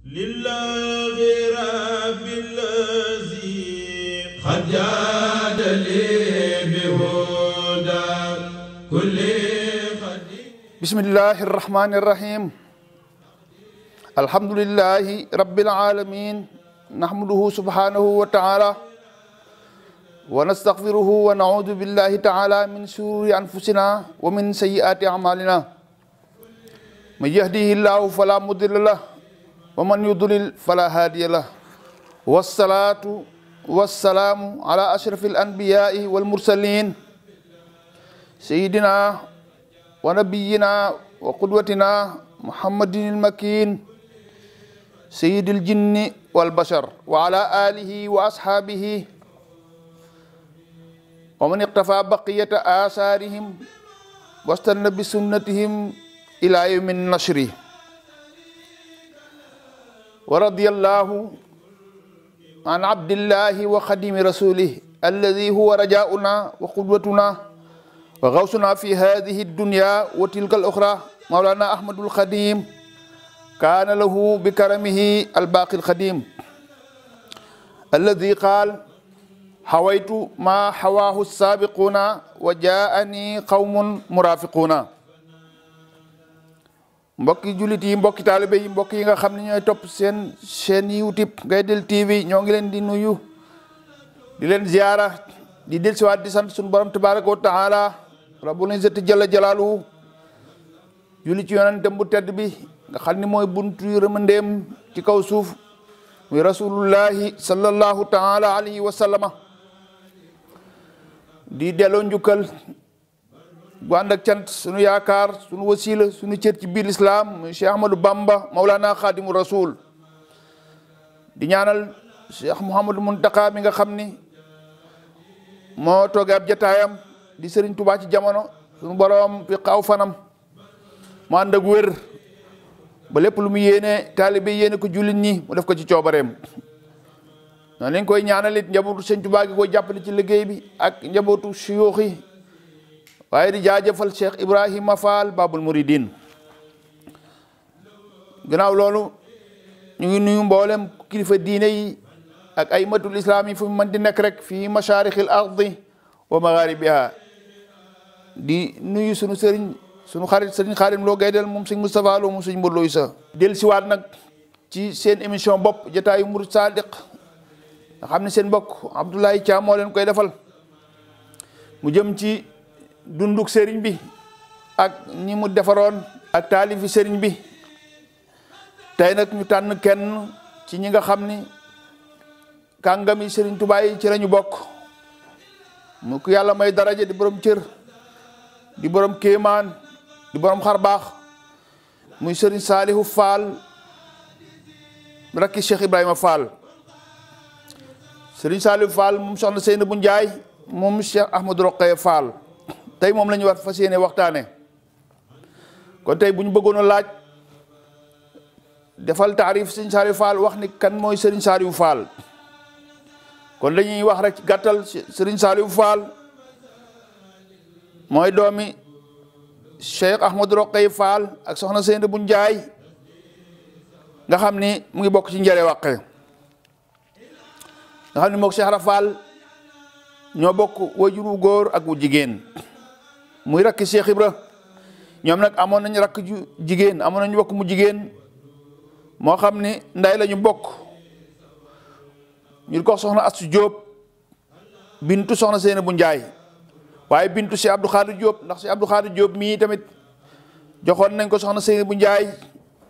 لله كل بسم الله الرحمن الرحيم الحمد لله رب العالمين نحمده سبحانه وتعالى ونستغفره ونعوذ بالله تعالى من شرور أنفسنا ومن سيئات أعمالنا من يهده الله فلا مضل له ومن يضلل فلا هادي له والصلاة والسلام على أشرف الأنبياء والمرسلين سيدنا ونبينا وقدوتنا محمد المكين سيد الجن والبشر وعلى آله وأصحابه ومن اقتفى بقية آثارهم واستنى بسنتهم إلى يوم النشر ورضي الله عن عبد الله وخديم رسوله الذي هو رجاؤنا وقدوتنا وغوصنا في هذه الدنيا وتلك الأخرى مولانا أحمد الخديم كان له بكرمه الباقي الخديم الذي قال حويت ما حواه السابقون وجاءني قوم مرافقون mbokki jullit yi mbokki taalibe yi mbokk yi nga xam ne ñooy topp seen chaîne YouTube Gaydel TV ñoo ngi leen di nuyu di leen ziara di del siwaat di sant suñu borom tabaraka wa taala rabbul izzati jalla jalaaluhu julli ci yonentam bu tedd bi nga xam ni mooy buntu yërmandeem ci kaw suuf muy rasulullahi sallallahu taala alayhi wa sallama di delloo njukkal bu ànd cant sunu yaakaar sunu wasila sunu cër ci biir lislaam muy Cheikh Ahmadou Bamba Maulana Khadimu Rasoul di ñaanal Cheikh Mouhamadou Mountakha mi nga xam ni moo toogee ab jataayam di sëriñ Touba ci jamono sunu borom fi xaw fanam mu ànd ak wér ba lépp lu mu yéene taalibe yéene ko jullit ñi mu def ko ci coobareem noonu lañ koy ñaanalit njabootu Serigne Touba gi koy jàppale ci liggéey bi ak njabootu suyoox waaye di jaajëfal Cheikh ibrahim Fall Babul muridin gannaaw loolu ñu ngi nuyu mboolem kilifa diine yi ak ay matul islaam yi fu mu mën di nekk rek fii masharixil ardi wa magharibiha di nuyu sunu sëriñ sunu xarit sëriñ Xaadim Lo Gaydel moom sëñ Moustapha Lo moom sëñ Mbour sa del siwaat nag ci seen émission bopp jotaayu Murid Sadiq nga seen mbokk Abdoulaye Thiam moo leen koy defal mu jëm ci dunduk serigne bi ak ñi mu defaroon ak taalifi serigne bi tey nag ñu tànn kenn ci ñi nga xam ni serigne touba yi ci lañu mu ko may daraja di borom cër di borom keman, di borom xar baax muy serigne salihu fall rakki cheikh ibrahima fall serigne salihu fall moom soxna seyna bu njaay moom cheikh ahmadou fall tey moom la ñu war fas yéene waxtaane kon tey bu ñu bëggoon laaj defal taarif Serigne Saliou Fall wax ni kan mooy Serigne Saliou Fall kon dañuy wax rek gàttal Serigne Saliou Fall mooy doomi Cheikh Ahmadou Roqay Fall ak soxna Seyna bu Njaay nga xam ni mu ngi bokk ci njëre wàqe nga xam ni mook Cheikh Ibra Fall ñoo bokk wajuru góor ak wu jigéen muy rakki Cheikh Ibra ñoom nag amoon nañ rakk jigéen amoon nañu wokk mu jigéen moo xam ni nday la ñu bokk ko soxna Astu Jóob bintu soxna Seyna bu Njaay waaye bintu si Abdou Xaadir Jóob ndax si Abdou Xaadir Jóob mii tamit joxoon nañ ko soxna Seyna bu Njaay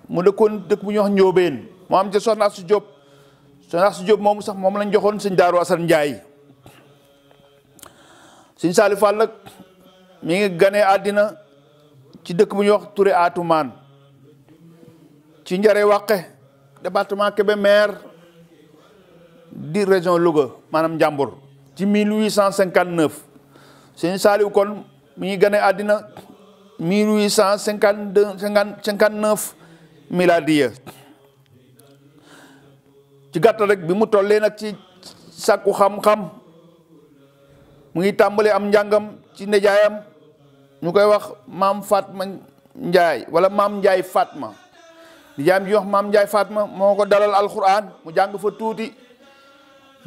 mu dëkkoon dëkk bu ñuy wax Njóobeen moo am ca soxna Astu Jóob soxna Astu Jóob moomu sax moom lañ joxoon sëñ Daaru Asan Njaay sëñ Saali Fall nag mi ngi gane àddina ci dëkk bu ñuy wax Touré Atumaan ci njare wàqe département Kébémer di région Louga maanaam Njàmbur ci 1859 Sëñ Saaliw kon mi ngi gane àddina mi 1852 59 miladiya ci gàttal rek bi mu tollee nag ci sàkku xam-xam mu ngi tàmbali am njàngam ci nijaayam ñu koy wax maam faat ma Njaay wala maam Njaay faat ma jaam ji wax maam Njaay moo ko dalal alquran mu jàng fa tuuti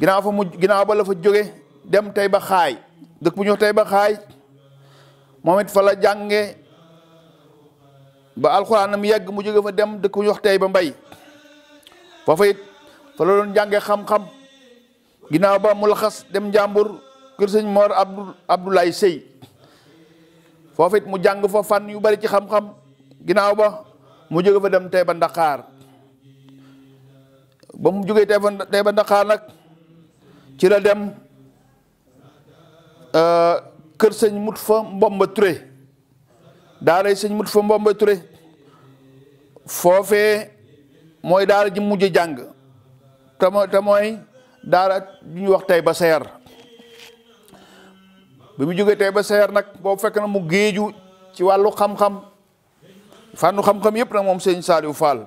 ginnaaw fa mu ginaaw ba la fa jóge dem tey ba xaay dëkk bu ñu tey ba xaay moom it fa la jànge ba alxuraanam yegg mu jóge fa dem dëkk bu ñu wax tey ba mbay foofu it fa la doon jànge xam-xam ginnaaw ba mu laxas dem njàmbur kër sëñ Mor Abdoulaye Sey foofu mu jàng fa fan yu bari ci xam-xam ginnaaw ba mu jóge fa dem ba Ndakar ba mu jógee Taïba Taïba Ndakar nag ci la dem euh, kër sëñ mut fa mbomba Touré daaray sëñ mut fa mbomba Touré foofee mooy daal ji mujj jàng te mooy te mooy daara ju ñuy wax Taïba Sayar bi mu jógee tey ba seer nag boobu fekk na mu géeju ci wàllu xam-xam fànnu xam-xam yëpp nag moom sëñ Saliou Fall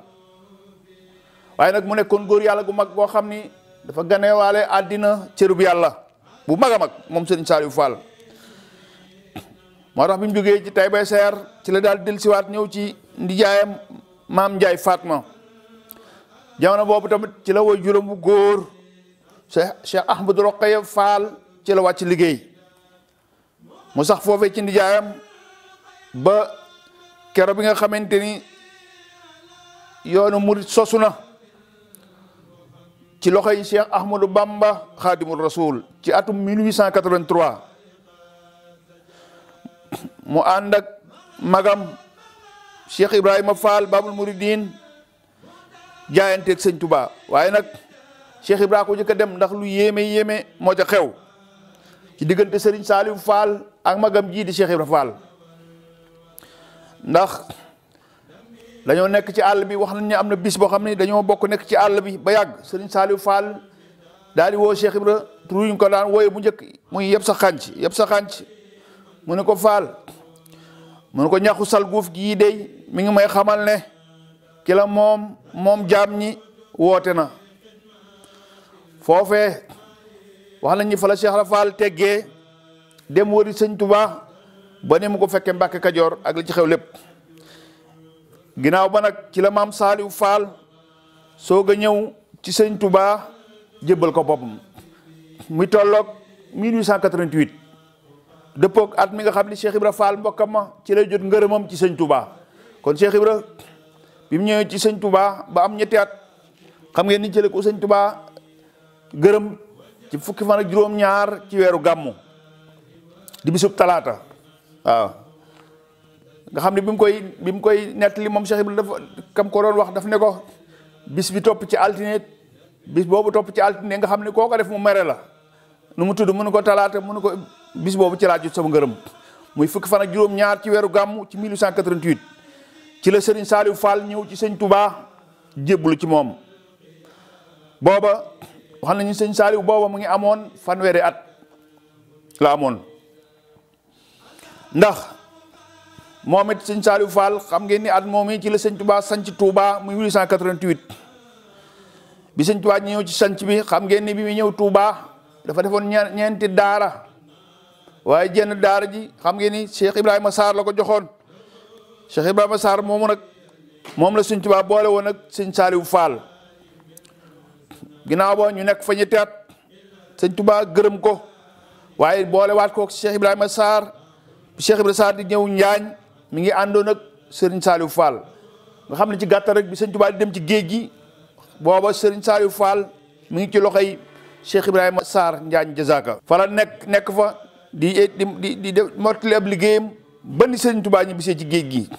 waaye nag mu nekkoon góor yàlla gu mag boo xam ni dafa ganeewaale àddina cërub yàlla bu mag a mag moom sëñ Saliou Fall moo tax bi mu jógee ci tey bay ci la daal dellusiwaat ñëw ci ndijaayam maam Ndiaye Fatma jamono boobu tamit ci la woy juróom bu góor Cheikh Cheikh Ahmadou Rokhaya Fall ci la wàcc liggéey mu sax foofee ci nijaayam ba kero bi nga xamante ni yoonu murit sosu na ci loxoy Cheikh Ahmadou Bamba Xaadimul Rasul ci atum 1883 mu ànd ak magam Cheikh Ibrahima Fall Babul Mouridine jaayanteeg sëñ Touba waaye nag Cheikh Ibrahima ko jëkk a dem ndax lu yéeme yéeme moo xew ci diggante Serigne Saliou Fall ak magam jii di Cheikh Ibra Fall ndax dañoo nekk ci àll bi wax nañ ne am na bis boo xam ne dañoo bokk nekk ci àll bi ba yàgg sëriñ Saliou Fall daal di woo Cheikh Ibra turuñ ko daan wooye bu njëkk muy yëpp sa xànc yëpp sa xànc mu ne ko Fall mu ne ko ñaxu salguuf gii dey mi ngi may xamal ne ki la moom moom jaam ñi woote na foofee wax nañu fa la Cheikh Rafal teggee dem wëri sëñ Touba ba ne mu ko fekkee mbakk Kajoor ak li ci xew lépp ginnaaw ba nag ci la maam Saaliw Faal soog a ñëw ci sëñ tubaa jébbal ko boppam muy tolloog 1888 dëppoog at mi nga xam ni Cheikh Ibra Faal mbokkam ma ci lay jot ngërëmam ci sëñ Touba kon Cheikh Ibra bi mu ñëwee ci sëñ Touba ba am ñetti at xam ngeen ni jële ko sëñ Touba gërëm. ci fukki fan ak juróom-ñaar ci weeru gàmmu di bisub talaata waaw nga xam ne bi mu koy bi mu koy nettali moom Cheikh Ibrahima dafa kam ko doon wax daf ne ko bis bi topp ci altine bis boobu topp ci altine nga xam ne koo ko def mu mere la nu mu tudd mënu ko talaata mënu ko bis boobu ci laa sa sama ngërëm muy fukki fan ak juróom-ñaar ci weeru gàmmu ci 1888 ci la Serigne Saliou Fall ñëw ci sëñ Touba jébbalu ci moom booba. wax nañu sëñ Saliou booba mu ngi amoon fanweeri at la amoon ndax moom it sëñ Saliou Fall xam ngeen ni at moom yi ci la sëñ Touba sanc Touba muy 1888 bi sëñ Touba ñëw ci sanc bi xam ngeen ni bi muy ñëw Touba dafa defoon ñeenti daara waaye jenn daara ji xam ngeen ni Cheikh Ibrahima saar la ko joxoon Cheikh Ibrahima saar moomu nag moom la sëñ Touba boole woon ak sëñ Saliou Fall. ginnaaw boo ñu nekk fa ñetti at sëñ tubaa gërëm ko waaye boolewaat ko Cheikh saar Sarr Cheikh Ibrahima Sarr di ñëw Njaañ mi ngi àndoon ak Serigne saalu Fall nga xam ne ci gàttal rek bi sëñ Touba di dem ci géej gi booba Serigne Saliou Fall mi ngi ci loxoy Cheikh Ibrahima Sarr Njaañ Jazaaka. nekk nekk fa di di di di liggéeyam ba ni Serigne ñibbisee ci géej gi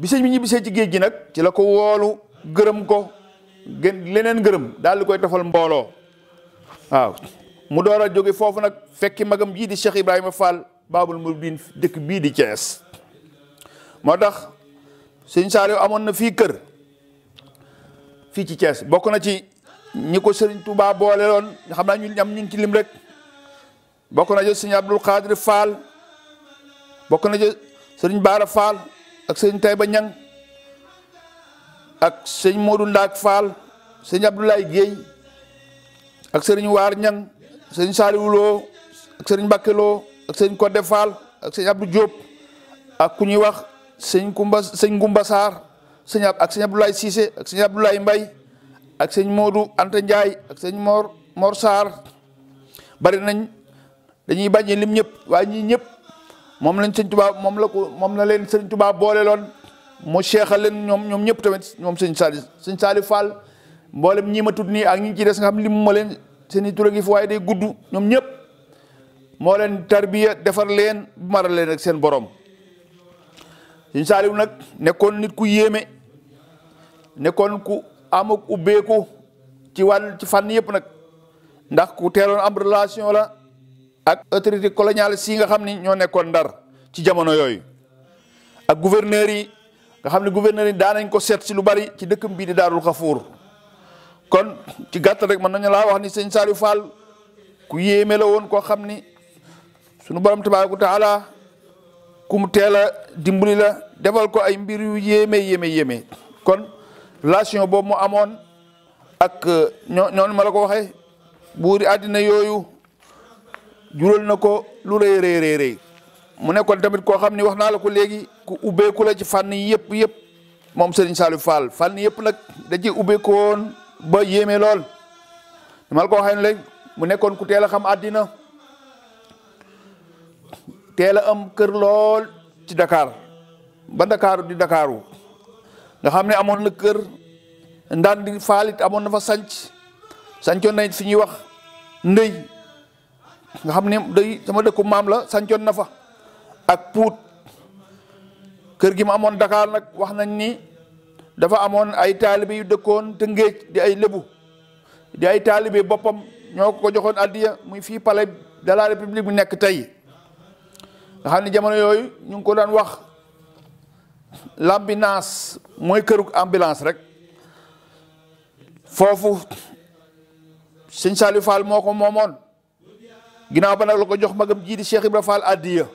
bi sëñ bi ñibbisee ci géej gi nag ci la ko woolu gërëm ko. gën leneen ngërëm daal koy tofal mbooloo waaw mu door a jóge foofu nag fekki magam jii di Cheikh Ibrahima Fall Baabul Muridiin dëkk bii di cees moo tax sëñ Saliou amoon na fii kër fii ci Thiès bokk na ci ñi ko Serigne Touba boole loon xam naa ñun am ñun ci lim rek bokk na ci sëñ Abdul Xaadir Fall bokk na ci sëriñ Baara Fall ak sëriñ Tayba Ñang ak sëñ Modou Ndaak Fall sëñ Abdoulaye Guèye ak sëriñ Waar Ñang sëñ Saliou Lo ak sëriñ Mbacké ak sëñ Codé Fall ak sëñ Abdou Diop ak ku ñuy wax sëñ Kumba sëñ Gumba Sarr sëñ ak sëñ Abdoulaye Cissé ak sëñ Abdoulaye ak sëñ Modou Anta Ndiaye ak sëñ Mor Mor Sarr bari nañ dañuy lim ñëpp waaye ñii ñëpp moom la leen sëñ Tuubaa boole loon mu seexal leen ñoom ñoom ñëpp tamit ñoom sëñ Saali sëñ Saali Fall mboolem ñi ma nii ak ñi ci des nga xam lim ma leen seen i tur gi fu waaye day gudd ñoom ñëpp moo leen tarbiya defar leen maral leen ak seen borom sëñ Saali nag nekkoon nit ku yéeme nekkoon ku am ak ubbeeku ci wàll ci fànn yëpp nag ndax ku teeloon am relation la ak autorité coloniale si nga xam ni ñoo nekkoon ndar ci jamono yooyu ak gouverneur yi. nga xam ne gouverneur yi daanañ ko seet si lu bari ci dëkkam bii di kon ci gàttal rek mën nañu laa wax ni sëñ Saliou Fall ku yéeme la woon koo xam ni sunu borom tabaaraka taala ku mu dimbali la defal ko ay mbir yu yéeme kon relation boobu mu amon ak euh, ñoo malakohai ma la ko waxee buuri àddina yooyu jural na lu rëy rëy rëy mu nekkoon tamit koo ni la ko ku ubbeeku la ci fànn yëpp yépp moom Serigne Saliou Fall fànn yépp nag da ci ba yéeme lool mal ko waxee léegi mu nekkoon ku teel a xam àddina teel a am kër lool ci Dakar ba ndakaaru di Dakaru nga xam ne amoon na kër ndaan di faalit amoon na fa sanc sancoon nañ fi ñuy wax ndëy nga xam ne day sama dëkku maam la sancoon na fa ak puut kër gi mu amoon dakaar nag wax nañ ni dafa amoon ay taalibe yu dëkkoon Tëngéej di ay lébu di ay taalibe boppam ñoo ko joxoon addiya muy fii palais de la république bu nekk tey nga xam ne jamono yooyu ñu ngi ko daan wax làmbinaas mooy këru ambulance rek foofu sëñ Saliou Fall moo ko moomoon ginnaaw ba nag la ko jox magam jii di Cheikh Ibra Fall addiya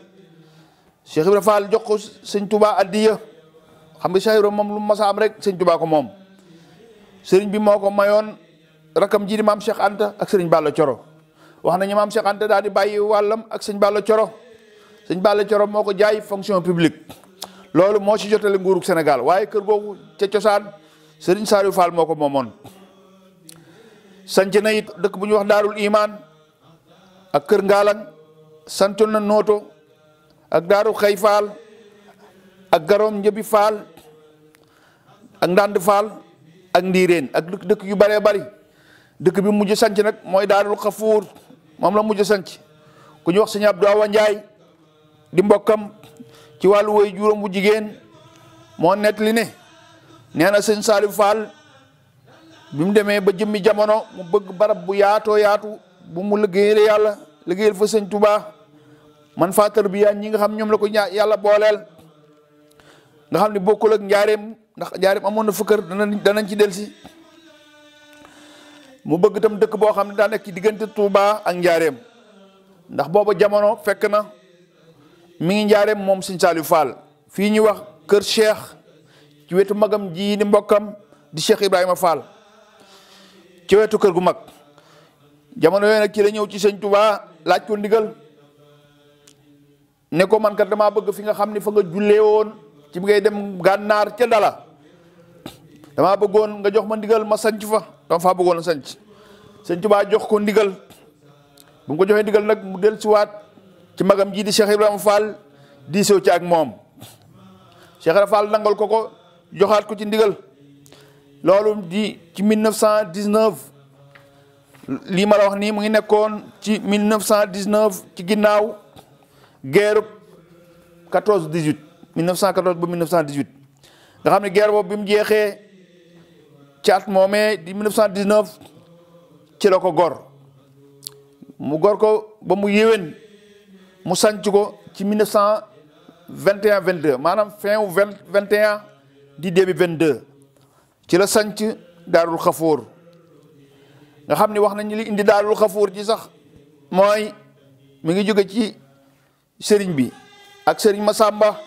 Cheikh Ibra Fall jox ko sëñ Touba addiya xam nga Cheikh moom lu masa am rek sëñ Touba ko moom sëriñ bi moo ko mayoon rakam ji di maam Cheikh Anta ak sëriñ Balla Coro wax nañu maam Cheikh Anta daal di bàyyi wàllam ak sëñ Balla Coro sëñ Balla Coro moo ko jaay fonction publique loolu moo ci jotale nguurug Sénégal waaye kër googu ca cosaan sëriñ Saliou Fall moo ko moomoon. sanc na dëkk bu ñuy wax daarul imaan ak kër Ngaalang santoon nooto. ak daaru xëy faal ak garoom njëbi faal ak ndànd faal ak ndiiréen ak dëkk yu bëree bari dëkk bi mujj sanc nag mooy daarul xafuur moom la mujj sanc ku ñu wax sëñ Abdou Awa Njaay di mbokkam ci wàllu woy juróom bu jigéen moo nett li ne nee sëñ Saliou Fall bi mu demee ba jëmmi jamono mu bëgg barab bu yaatoo yaatu bu mu liggéeyal yàlla liggéeyal fa sëñ Touba man faa tarbiyaan ñi nga xam ñoom la ko yàlla booleel nga xam ne bokkul ak njaareem ndax njaareem amoon na fëkkër danañ danañ ci delsi mu bëgg itam dëkk boo xam ne daa nekk ci diggante Touba ak njaareem ndax booba jamono fekk na mi ngi njaareem moom Sëñ Saliou Fall fii ñu wax kër Cheikh ci wetu magam ji di mbokkam di Cheikh Ibrahima Fall ci wetu kër gu mag jamono yooyu ci la ñëw ci Sëñ Touba laaj ko ndigal nekkoo ko man kat damaa bëgg fi nga xam ni fa nga jullee woon ci bi ngay dem gànnaar ca dala damaa bëggoon nga jox ma ndigal ma sanc fa dama faa bëggoon a sanc sëñ Tuubaa jox ko ndigal bu ko joxee ndigal nag mu del siwaat ci magam jii di Cheikh Ibrahima Fall diisoo ci ak moom Cheikh Ibrahima Fall nangal ko ko joxaat ko ci ndigal loolu di ci 1919 lii ma la wax nii mu ngi nekkoon ci 1919 ci ginnaaw guerre 14 18 1914 ba 1918 nga xam ne guerre boobu bi mu jeexee ci at moomee di 1919 ci la ko gor mu gor ko ba mu yéwén mu sanc ko ci 1921 22 maanaam fin wu 20 21 di vingt 22 ci la sanc daarul xafoor nga xam ne wax nañu li indi daarul xafoor ci sax mooy mu ngi jóge ci sëriñ bi ak sëriñ Massamba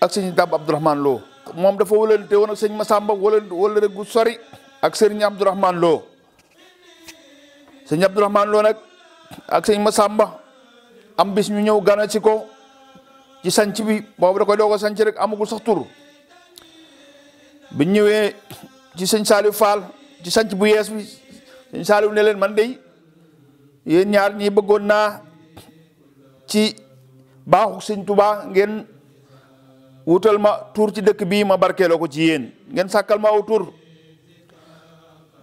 ak sëriñ Dab Abdourahmane Lo moom dafa wëlante woon ak sëriñ Massamba wala wala gu sori ak sëriñ Abdourahmane Lo sëriñ Abdourahmane Lo nag ak sëriñ Massamba am bis ñu ñëw gana ci ko ci sanc bi boobu da koy doo rek amagul sax tur bi ñëwee ci sëñ Saliou Fall ci sanc bu yees bi sëñ Saliou ne leen man de yéen ñaar ñi bëggoon naa ci baaxu sëñ tubaa ngeen wutal ma tuur ci dëkk bii ma barkeeloo ko ci yéen ngeen sàkkal ma aw tur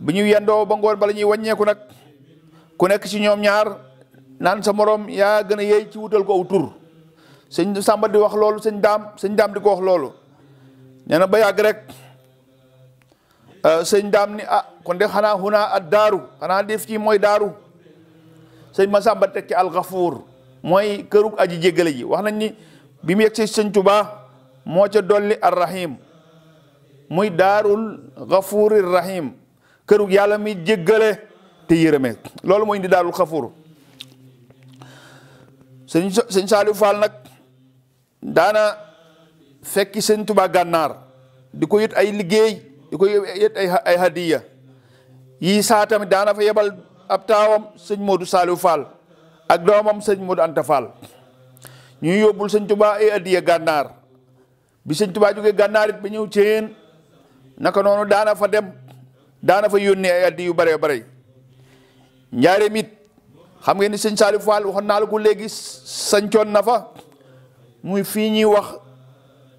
bu ñu yendoo ba ngoon bala ñuy wàññeeku nag ku nekk ci ñoom ñaar naan sa moroom yaa gën a yeey ci wutal ko aw tur sëñ Sàmba di wax loolu sëñ daam sëñ daam di ko wax loolu nee na ba yàgg rek euh, sëñ daam ni a ah, kon de xanaa xunaa at daaru xanaa def ci mooy daaru sëñ ma Sàmba teg ci alxafuur mooy kërug aj jéggale ji wax nañ ni bi mu yegg si sëñ Tuba moo ca dolli arrahim muy daarul xafuuri rahim kërug yàlla mi jéggale te yërëme loolu mooy indi daarul xafuur sëñ sëñ nag daana fekki sëñ Tuba gànnaar di ko yët ay liggéey di ko yët ay ay hadiya yii saa daana fa yebal ab taawam sëñ Modou Saliou Fall ak doomam sëñ Modou Anta Fall ñuy yóbbul sëñ Tuubaa ay addiya gànnaar bi sëñ Tuubaa jógee gànnaar ba ñëw ceen naka noonu daana fa dem daana fa yónnee ay addi yu bare bare njaareem it xam ngeen ni sëñ Saliou Fall waxoon naa la ko léegi sancoon na fa muy fii ñuy wax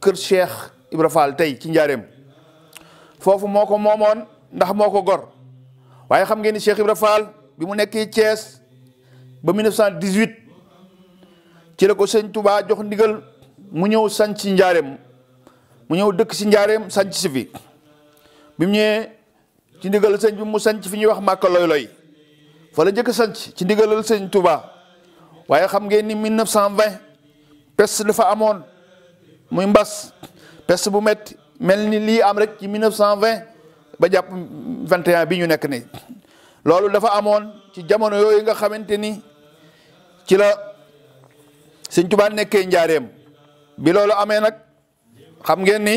kër Cheikh Ibra Fall tey ci njaareem foofu moo ko moomoon ndax moo ko gor waaye xam ngeen ni Ibra Fall bi mu nekkee Thiès ba 1918 ci la ko sëñ Touba jox ndigal mu ñëw sanc si njaareem mu ñëw dëkk si njaareem sanc si fi bi mu ñëwee ci ndigalal sëñ bi mu sanc fi ñuy wax Màkka Loy Loy fa la njëkk a sanc ci ndigalal sëñ Touba waaye xam ngeen ni 1920 peste dafa amoon muy mbas peste bu metti mel ni lii am rek ci 1920 ba jàpp 21 bi ñu nekk nii loolu dafa amoon ci jamono yooyu nga xamante ni ci la sëñ Tuubaa nekkee njaareem bi loolu amee nag xam ngeen ni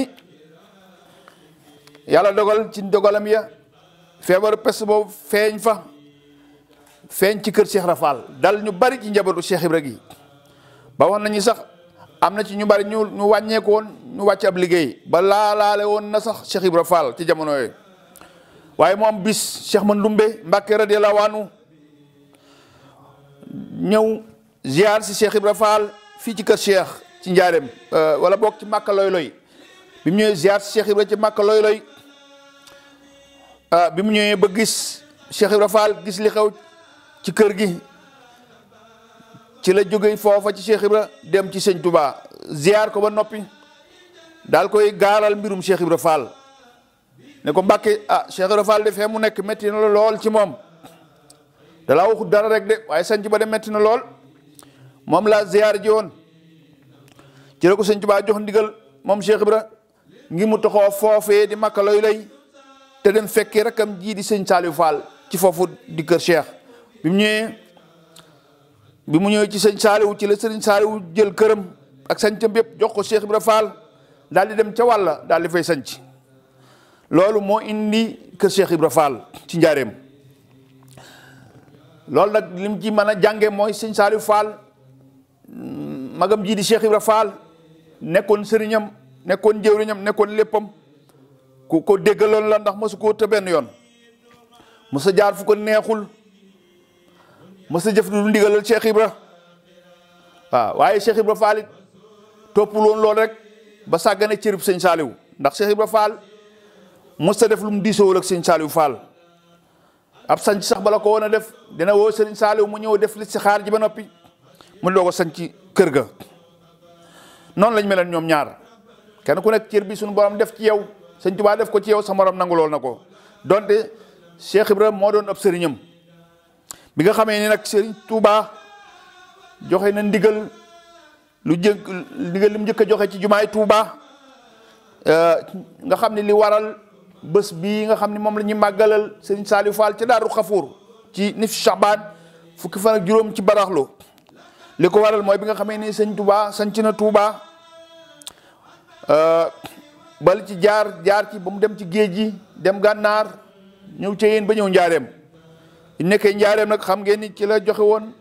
dogal ci dogalam ya feebaru peste boobu feeñ fa feeñ ci kër Cheikh Rafal dal ñu bari ci njabootu Cheikh Ibra gi ba wax nañu sax am na ci ñu bari ñu ñu wàññeeku woon ñu wàcc ab liggéey ba laalaale na sax Cheikh Fall ci jamono bis Cheikh Mandoumbe Mbàkke radiyallaahu anhu ñëw ziar si Cheikh Ibra Fall fii ci kër Cheikh ci njaareem euh, wala boog ci Màkka Loy Loy bi mu ñëwee ziar ci Màkka Loy Loy euh, bi mu ñëwee ba gis Cheikh Ibra Fall gis li xew ci kër gi ci la jóge foofa ci Cheikh Ibra dem ci sëñ Touba ziar ko ba noppi daal koy gaaral mbirum Cheikh Ibra Fall ne ko Mbàkke ah Cheikh Ibra Fall defee mu nekk métti na lool ci moom. dalaa waxut dara rek de waaye sanc ba de metti na lool moom laa ziyaar ji woon ci la ko sëñ jox ndigal moom Cheikh ra ngi mu taxaw foofee di makka loy loy te dem fekkee rakam jii di sëñ Saliou Fall ci foofu di kër Cheikh bi mu ñëwee bi mu ñëwee ci sëñ Saliou ci la sëriñ Saliou jël këram ak sancam yëpp jox ko Cheikh Ibra Fall daal di dem ca wàlla daal di fay sanc loolu moo indi kër Cheikh Ibra Fall ci njaareem loolu nag li ji ci mën a jànge mooy sëñ Saliou Fall magam jii di Cheikh Ibra Fall nekkoon sëriñam nekkoon jëwriñam nekkoon léppam ku ko déggaloon la ndax mosu koo të benn yoon mosa jaar fu ko neexul mosa jëf lu ndigalal Cheikh Ibra waaw waaye Cheikh Ibra Fall it toppul woon loolu rek ba sàggane cërib sëñ Saliou ndax Cheikh Ibra Fall mosta def lu mu diisoowul ak sëñ Saliou Fall ab sanc sax bala ko woon a def dina woo Serigne Saliou mu ñëw def li si xaar ji ba noppi mu doog a sanc kër ga noonu lañ meleen ñoom ñaar kenn ku nekk cër bi suñu borom def ci yow Sëñ Tuubaa def ko ci yow sa morom nangu lool na ko donte Cheikh Ibrahima moo doon ab sëriñam bi nga xamee ni nag Sëriñ Tuubaa joxe na ndigal lu jëkk ndigal li mu njëkk a joxe ci jumaay Tuubaa euh, nga xam ne li waral bés bii nga xam ne moom la ñuy màggalal sëñ Saliou Fall ci Daaru Xafour ci nif Chaban fukki fan ak juróom ci baraxlu li ko waral mooy bi nga xamee ni sëñ Touba ci na Touba euh, bal ci jaar jaar ci ba mu dem ci géej gi dem gànnaar ñëw ca yéen ba ñëw njaareem nekkee njaareem nag xam ngeen ni ci la joxe woon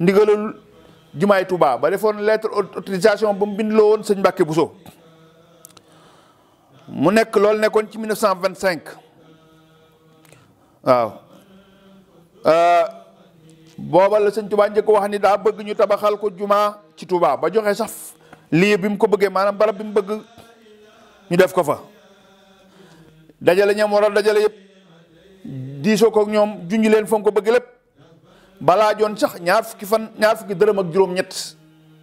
ndigalul jumaay Touba ba defoon lettre autorisation ba mu bindloo woon sëñ Mbàkke buso mu nekk loolu nekkoon ci 1925 waaw euh, booba la sëñ Touba njëkk wax ni daa bëgg ñu tabaxal ko jumaa ci Touba ba joxe sax lii bi mu ko bëggee maanaam barab bi mu bëgg ñu def ko fa dajale ñam war dajale di diisoo ko ñoom junj leen fa ko bëgg lépp balaa joon sax ñaar fukki fan ñaar fukki dërëm ak juróom-ñett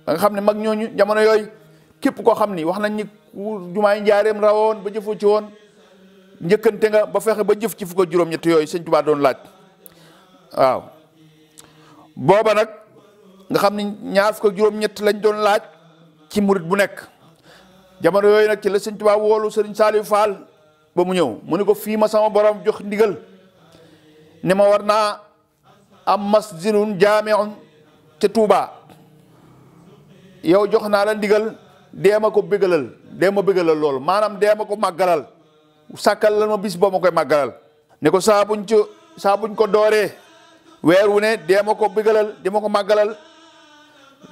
nga xam ne mag ñooñu jamono képp koo xam ni wax nañ ni ku jumaay njaareem rawoon ba jëfoo ci woon njëkkante nga ba fexe ba jëf ci fukk juróom-ñett yooyu sëñ Tuubaa doon laaj waaw booba nag nga xam ni ñaar fukk juróom-ñett lañ doon laaj ci murit bu nekk jamono yooyu nag ci la sëñ Tuubaa woolu sëriñ Saliou Fall ba mu ñëw mu ni ko fii ma sama boroom jox ndigal ne ma war naa am masjidun jaamiun ca Tuubaa yow jox naa la ndigal dee ma ko bégalal dee ma bégalal loolu maanaam dee ma ko màggalal sàkkal la ma bis boo ma koy màggalal ne ko saa buñ ci saa buñ ko dooree weer wu ne dee ma ko bégalal di ma ko màggalal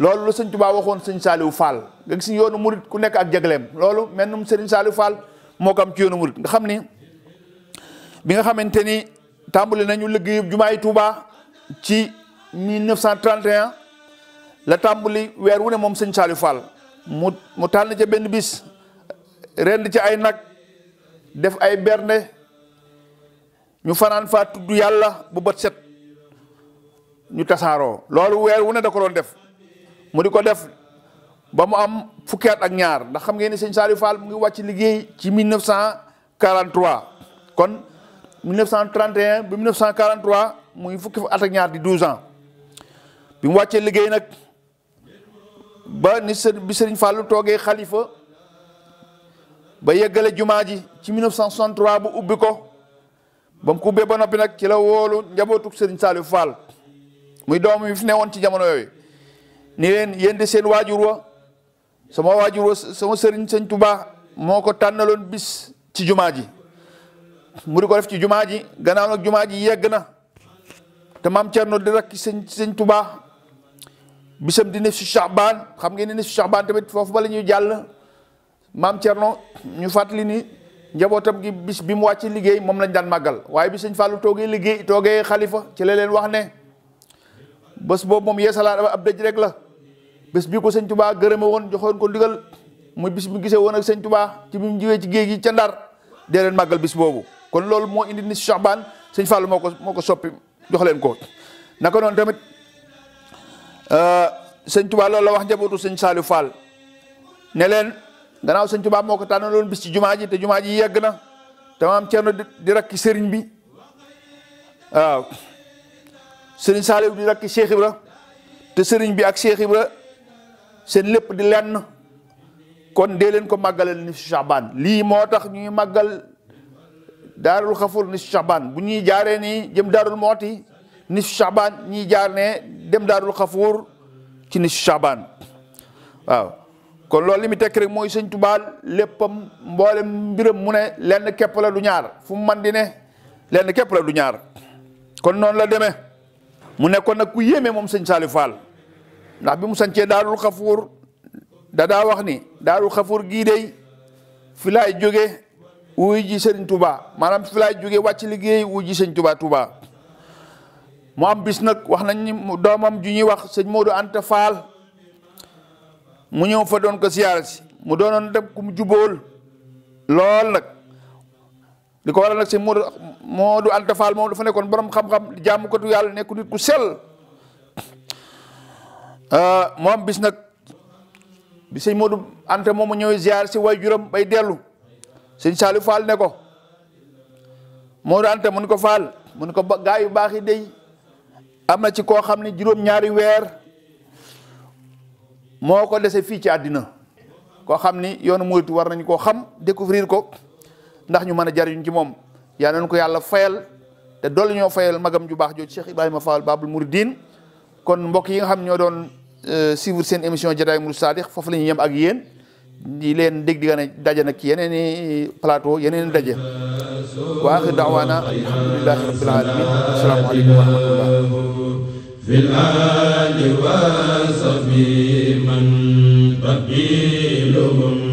loolu la sëñ Tuubaa waxoon sëñ Saaliw Fall nga gis yoonu murit ku nekk ak jagleem loolu mel num sëriñ Saaliw Fall moo ko am ci yoonu murit nga xam ni bi nga xamante ni tàmbali nañu liggéeyu jumaay Tuubaa ci 1931 la tàmbali weer wu ne moom sëñ Saaliw Fall mu mu tànn ci benn bis rend ci ay nag def ay bernde ñu fanaan faa tudd yàlla bu bët set ñu tasaaroo loolu weer wu ne da ko doon def mu di ko def ba mu am fukki at ak ñaar ndax xam ngeen ni sëñ Saliou mu ngi wàcc liggéey ci 1943 kon 1931 ba 1943 muy fukki at ak ñaar di 12 ans bi mu wàccee liggéey nag. ba ni sëriñ bi sëriñ Fallou toogee xalifa ba yeggale jumaa ji ci 1963 bu ubbi ko ba mu ko ubbee ba noppi nag ci la woolu njabootuk sëriñ Saliou Fall muy doom yi fi newoon ci jamono yooyu ni leen yéen de seen waajur wa sama waajur wa sama sëriñ sëñ Touba moo ko tànnaloon bis ci jumaa ji mu di ko def ci jumaa ji gannaaw nag jumaa ji yegg na te maam Thierno di rek sëñ sëñ bisam di nisfu Sha'ban xam ngeen ne nisfu Sha'ban tamit foofu bala ñuy jàll maam Thierno ñu fàttali ni njabootam gi bis bi mu wàcc liggéey moom lañ daan màggal waaye bi sëñ toogee liggéey toogee xalifa ci la wax ne bés boobu moom yeesalaat ab dëj rek la bés bi ko sëñ Touba gërëme woon joxoon ko ndigal muy bis mu gisee woon ak sëñ Touba ci bi mu jiwee ci géej gi ca Ndar dee leen màggal bis boobu kon loolu moo indi ni Sha'ban sëñ Fallou moo ko moo ko soppi jox leen ko naka noonu tamit. Euh, sëñ Touba loolu la wax njabootu sëñ Saliou Fall ne leen gannaaw sëñ Touba moo ko tànnaloon bis ci jumaa ji te jumaa ji yegg na te maam Cerno di rakki sëriñ bi waaw sëriñ Saliou di rakki Cheikh Ibra te sëriñ bi ak Cheikh Ibra seen lépp di lenn kon dee leen ko màggalal ni si Chaban lii moo tax ñuy màggal daarul xafur ni si Chaban bu ñuy jaaree nii jëm daarul mooti nisu Chaabaan ñiy jaar ne dem daadul xafuur ci nisu Chaabaan waaw kon loolu li mu tekk rek mooy sëñ Tuubaa léppam mboolem mbiram mu ne lenn képp la du ñaar fu mu man di ne lenn képp la du ñaar kon noonu la deme mu nekkoon nag ku yéeme moom sëñ Saliou Fall ndax bi mu sancee daarul xafuur da daa wax ni daarul xafuur gii dey fi laay jóge wuy ji sëriñ tubaa maanaam fi laay jóge wàcc liggéey wu ji sëñ Touba Touba mu am bis nag wax nañ doomam ju ñuy wax sëñ Modou Anta Fall mu ñëw fa doon ko siyaara si mu doonoon dem ku mu jubóol lool nag li ko waral nag sëñ Modou Modou Anta Fall moom dafa nekkoon borom xam-xam yàlla nekku nit ku sell ah, mu bis nag bi Modou Anta moom mu ñëwee ziar si way dellu sëñ Saliou Fall ne ko Modou Anta mun ko gaa yu baax yi dey am na ci koo xam ne juróom-ñaari weer moo ko dese fii ci àddina koo xam ni yoonu moytu war nañ koo xam découvrir ko ndax ñu mën a jariñu ci moom yaa nañ ko yàlla fayal te dolli ñoo fayal magam ju baax jooju Cheikh Ibrahima Fall Babul Mouridine kon mbokk yi nga xam ñoo doon euh, suivre seen émission jotaay Mouride Sadikh foofu lañu ñuy ak yéen di leen dégg di nga ne daje nag ci yeneen i plateau yeneen i daje wa axir daawaana alhamdulilahi rabbil alamin asalaamu aleykum wa